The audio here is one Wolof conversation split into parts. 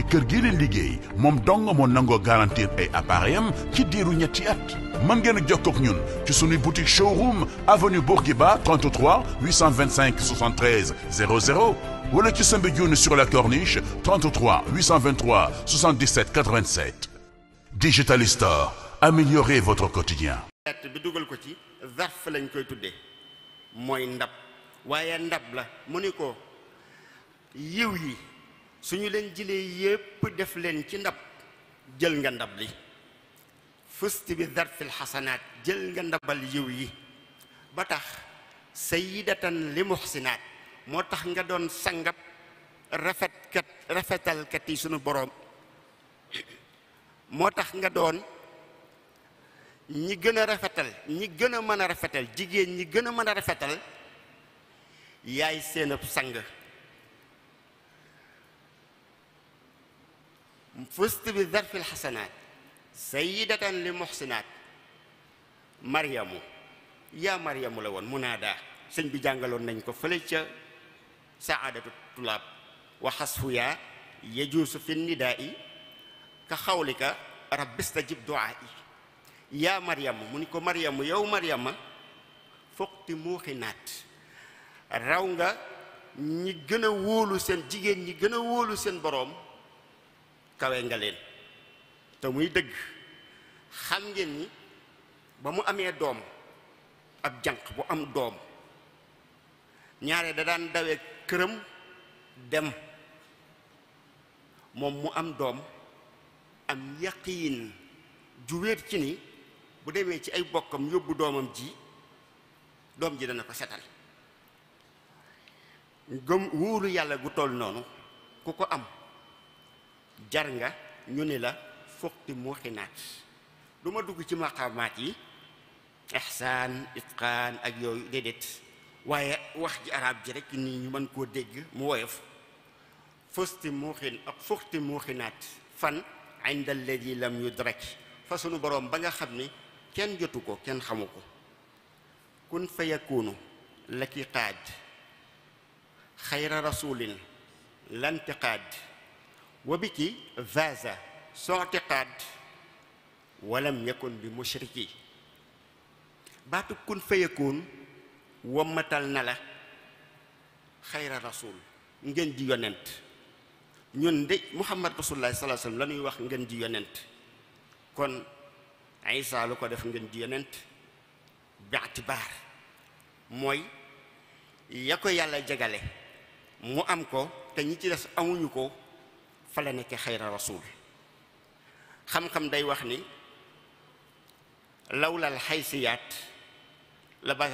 te kër gi leen liggéey moom dong moo nangoo garantir ay appareil am ci diiru ñetti at. mën ngeen a jokkoo ak ñun ci suñu boutique showroom avenue Bourguiba 33 825 73 00 wala ci Soumbédioune sur la corniche 33 823 77 87. Digital Store améliorez votre quotidien. bi dugal ko ci zarf lañ koy tuddee mooy ndab waaye ndab la mu ni ko yiw yi. su ñu leen jëlee yépp def leen ci ndab jël nga ndab li fusti bi darfil xasanaat jël nga ndabal yiw yi ba tax sayidatan li muxsinaat moo tax nga doon sangab rafetkat rafetalkat yi sunu boroom moo tax nga doon ñi gën a rafetal ñi gën a mën a rafetal jigéen ñi gën a mën a rafetal yaay seenab sang فزت بظرف الحسنات سيدة لمحسنات مريم yaa maryamu la woon munaada sëñ bi jàngaloon nañ ko fële ca saadatu tulaab wa xasfu yaa yajuusu fi nidaai ka xawlika rabbi stajib duaai yaa maryamu mu ni ko maryamu yow maryama foqti muuxi naat raw nga ñi gën a wóolu seen jigéen ñi gën a wóolu seen boroom kawe nga leen te muy dëgg xam ngeen ni ba mu amee doom ab janq bu am doom ñaare da daan dawee këram dem moom mu am doom am yaqiin ju wéet ci ni bu demee ci ay bokkam yóbbu doomam ji doom ji dana ko setal gëm wóoru yàlla gu toll noonu ku ko am jar nga ñu ni la fukki muxinaat du ma dugg ci maqaamaat yi ihsaan itqaan ak yooyu déedéet waaye wax ji araab ji rekk nii ñu mën koo dégg mu woyof fusti muuxin ak muuxinaat fan inda alladi lam yudrak fa sunu boroom ba nga xam ni kenn jotu ko kenn xamu ko kun fa yakunu laki qaad xayra rasulin lantiqaad وبك فاز سو اعتقاد ولم يكن بمشركي baatu kun fayakoon wammatal na la xayra rasul ngeen ji yonent ñun de muhammad rasulullah sallallahu la ñuy wax ngeen ji yonent kon isa lu ko def ngeen ji yonent bi atibaar mooy ya ko yàlla jagale mu am ko te ñi ci des amuñu ko fa la nekk xayra rasul xam-xam day wax ni law lawlal xaysiyaat la ba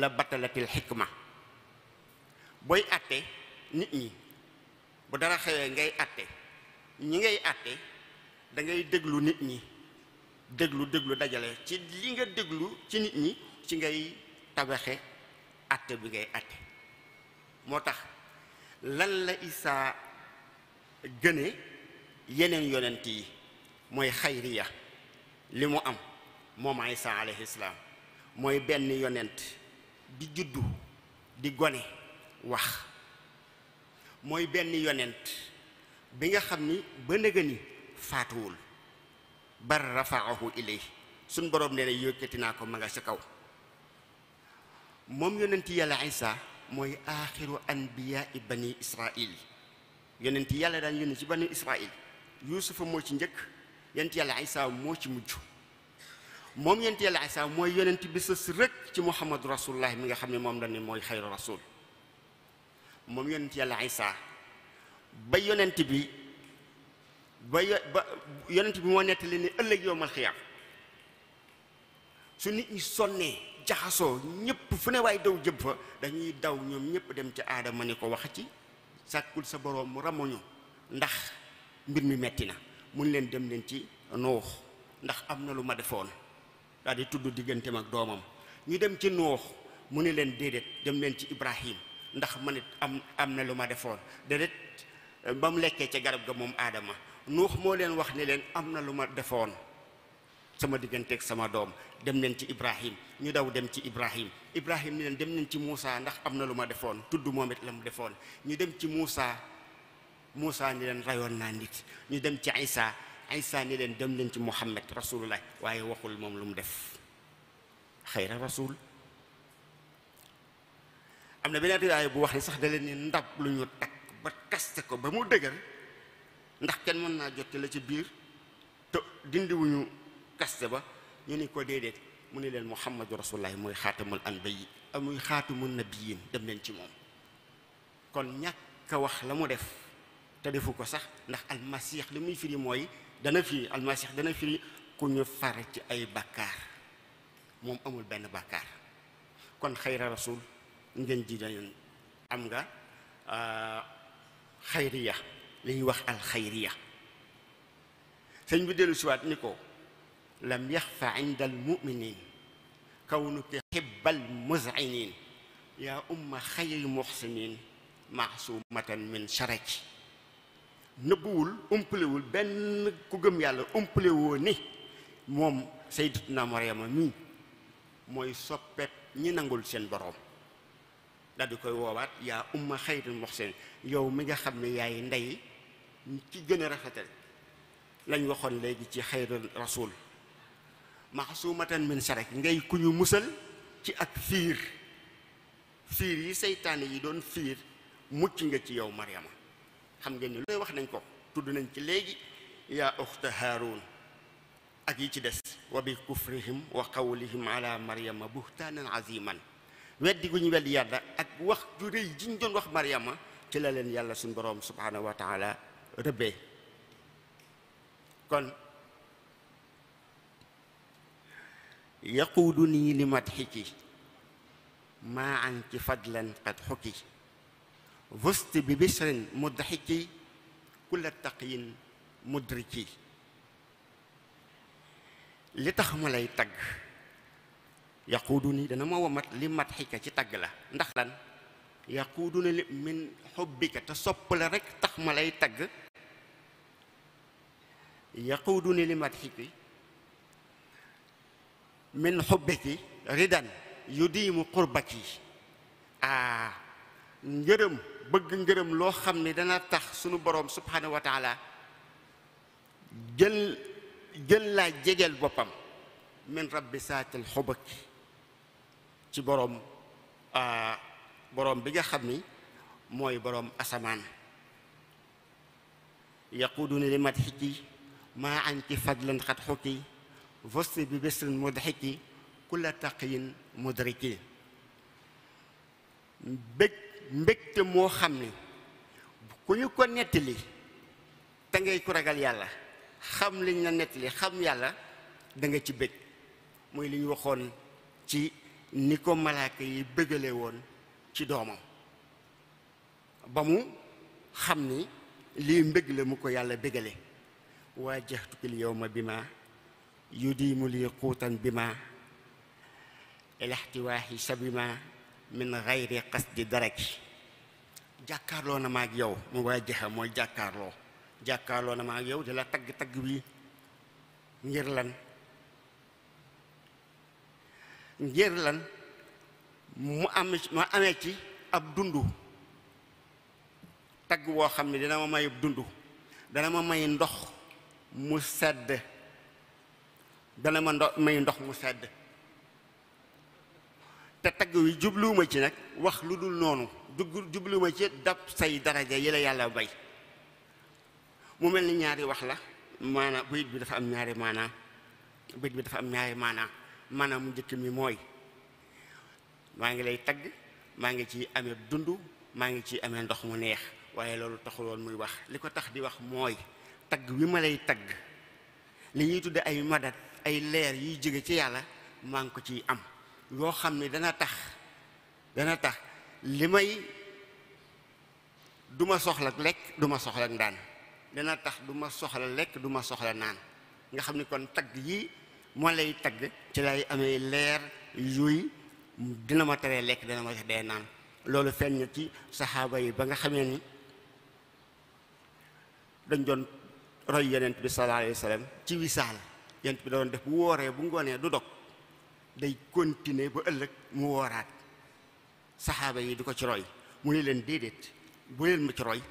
la batalatil xikma booy àtte nit ñi bu dara xewee ngay àtte ñi ngay àtte da ngay déglu nit ñi déglu déglu dajale ci li nga déglu ci nit ñi ci ngay tabaxe àtte bi ngay àtte moo tax lan isaa gëne yeneen yonent yi mooy xayriya li mu am moom Isa alayhi mooy benn yonent di juddu di gone wax mooy benn yonent bi nga xam ni ba nëga ni faatuwul bar rafaahu ilay suñ boroom nee na yëkkati naa ko ma kaw moom yonent yàlla Isa mooy aaxiru anbiyaa bani Israil yonent yàlla daan yónni ci banu Israil yuusufa moo ci njëkk yonent yàlla Isaa moo ci mujj moom yonent yàlla Isaa mooy yonent bi sës rek ci Muhammadu Rasulullah mi nga xam ne moom la ne mooy xayru rasul moom yonent yàlla Isaa ba yonent bi ba ba yonent bi moo nettali ne ëllëg yowmal xiyaam su nit ñi sonnee jaxasoo ñëpp fu ne waay daw jëm fa dañuy daw ñoom ñëpp dem ci aadama ni ko wax ci sàkkul sa borom mu ramuñu ndax mbir mi metti na mun leen dem leen ci nuux ndax am na lu ma defoon daal di tudd digganteem ak doomam ñu dem ci nuux mu ni leen déedéet dem leen ci ibrahim ndax ma nit am am na lu ma defoon déedéet ba mu lekkee ca garab ga moom aadama nuux moo leen wax ne leen am na lu ma defoon sama digganteeg sama doom dem leen ci Ibrahim ñu daw dem ci Ibrahim Ibrahim ni leen dem leen ci Moussa ndax am na lu ma defoon tudd moom it la mu defoon ñu dem ci Moussa Moussa ni leen rayoon naa nit ñu dem ci Isa Isa ni leen dem leen ci Muhammad rasulullah waaye waxul moom lu mu def xayra rasul am na beneen riwaaya bu wax ni sax da leen ni ndab lu ñu takk ba kaste ko ba mu dëgër ndax kenn mën naa jot la ci biir te dindiwuñu kaste ba ñu ni ko déedéet mu ni leen muhammadu rasulullah muy xaatamul anbiyi muy xaatamun nabiyin dem leen ci moom kon ñàkk a wax la mu def te defu ko sax ndax almasix li muy firi mooy dana firi almasix dana firi ku ñu far ci ay bàkkaar moom amul benn bàkkaar kon xayra rasul ngeen ji dañu am nga euh, xayriya li ñuy wax alxayriya sañ bi dellu siwaat ni ko lam yaxfa inda almuminin kawnuki xibbal muzinin yaa umma xayri muxsinin maasumatan min sharaki nëbbuwul umpalewul benn ku gëm yàlla umpalewoo ni moom sayyidatuna Maryama mii mooy soppeeb ñi nangul seen boroom daal di koy woowaat yaa umma xayri muxsinin yow mi nga xam ni yaay ndey ci gën a rafetal lañ waxoon léegi ci xayrul rasul maxsuumatan min sharik ngay ku ñu musal ci ak fiir fiir yi seytaane yi doon fiir mucc nga ci yow Maryama xam ngeen ni lu wax nañ ko tudd nañ ci léegi yaa uxta Haaruun ak yi ci des wa bi kufrihim wa qawlihim ala Maryama buhtaanan aziman weddi gu ñu weddi yàlla ak wax ju rëy ji ñu doon wax Maryama ci la leen yàlla suñ boroom subhaanahu wa taala rëbbee kon yaquuduni li madxiki maa anki fadlan qad xukki vust bi bisrin mudxiki kulla taqyin mudriki li tax ma lay tagg yaquuduni dana ma womat li madxika ci tagg la ndax lan yaquuduni li min xubbika te sopp la rekk tax ma lay tagg yaquuduni li madxiki min xubbiki ridan yu diimu qurbaki ah ngërëm bëgg ngërëm loo xam ni dana tax sunu boroom subhanahu wa taala jël jël laa jegeel boppam min rabbi saatil xubaki ci boroom boroom bi nga xam ni mooy boroom asamaan yaquudu ni li mat xikki maa anti fadlan xat xukki وصي ببسر مضحك كل تقي مدركي mbég mbégte moo xam ni ku ñu ko nettali da ngay ku ragal yàlla xam liñ la nettali xam yàlla danga ci bég mooy li ñu waxoon ci ni ko malaaka yi bëggale woon ci doomam ba mu xam ni lii mbég la mu ko yàlla bëggale waajahtukal yawma bi ma yudiimu lii xuutan bi ma ilaxtiwaaxi sabima min xayri qasdi daraki jàkkaarloo na ma ak yow mu waa jëxa mooy jàkkaarloo jàkkaarloo na ma ak yow di la tagg-tagg bi ngir lan ngir lan mu am ma amee ci ab dundu tagg woo xam ne dina ma may dund dana ma may ndox mu sedd dana ma ndox may ndox mu sedd te tagg wi jubluwuma ci nag wax lu dul noonu dugg jubluwuma ci dab say daraja yi la yàlla bay mu mel ni ñaari wax la maanaam bayit bi dafa am ñaari maanaam bayit bi dafa am ñaari maanaam maanaam mu njëkk mi mooy maa ngi lay tagg maa ngi ci amee dund maa ngi ci amee ndox mu neex waaye loolu taxuloon muy wax li ko tax di wax mooy tagg wi ma lay tagg li ñuy tudde ay madat ay leer yuy jóge ci yàlla maa ngi ko ciy am yoo xam ne dana tax dana tax li may duma ma soxla lekk du ma soxla ndaan dana tax duma soxla lekk duma soxla naan nga xam ne kon tagg yi moo lay tagg ci lay amee leer yuy dina ma teree lekk dana ma dee naan loolu feeñ na ci saxaaba yi ba nga xamee ni dañ doon roy yonent bi sallallahu alayhi wa sallam ci wisaal yent bi da def bu wooree bu ngoonee du dog day continuer ba ëllëg mu wooraat saxaaba yi di ko ci mu ne leen déedéet bu leen ma ci roy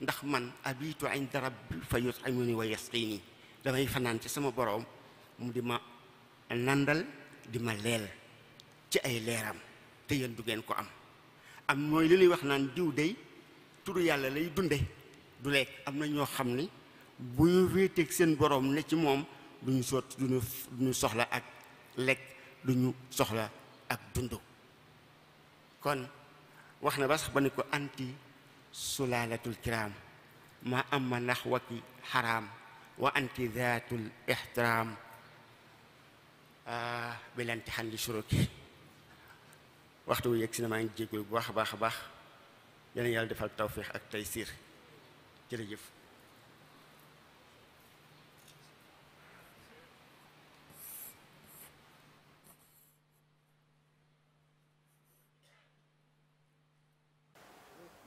ndax man abitu inda rabbi fa yutimuni wa yasqini damay fanaan ci sama boroom mu di ma nandal di ma leel ci ay leeram te yéen du ngeen ko am am mooy li ñuy wax naan diw day tudd yàlla lay dunde du lekk am na ñoo xam ni bu ñu wéeteeg seen boroom ne ci moom du ñu soot duñu duñu soxla ak lekk du ñu soxla ak dund kon wax na ba sax ba ni ko anti sulaalatul kiram ma amma naxwaki xaraam wa anti daatul ixtiraam ah, bilanti xan li suroki waxtu wu yegg si na maa ngi jégalu bu baax a baax a baax yal yàlla defal tawféex ak taysiir jërëjëf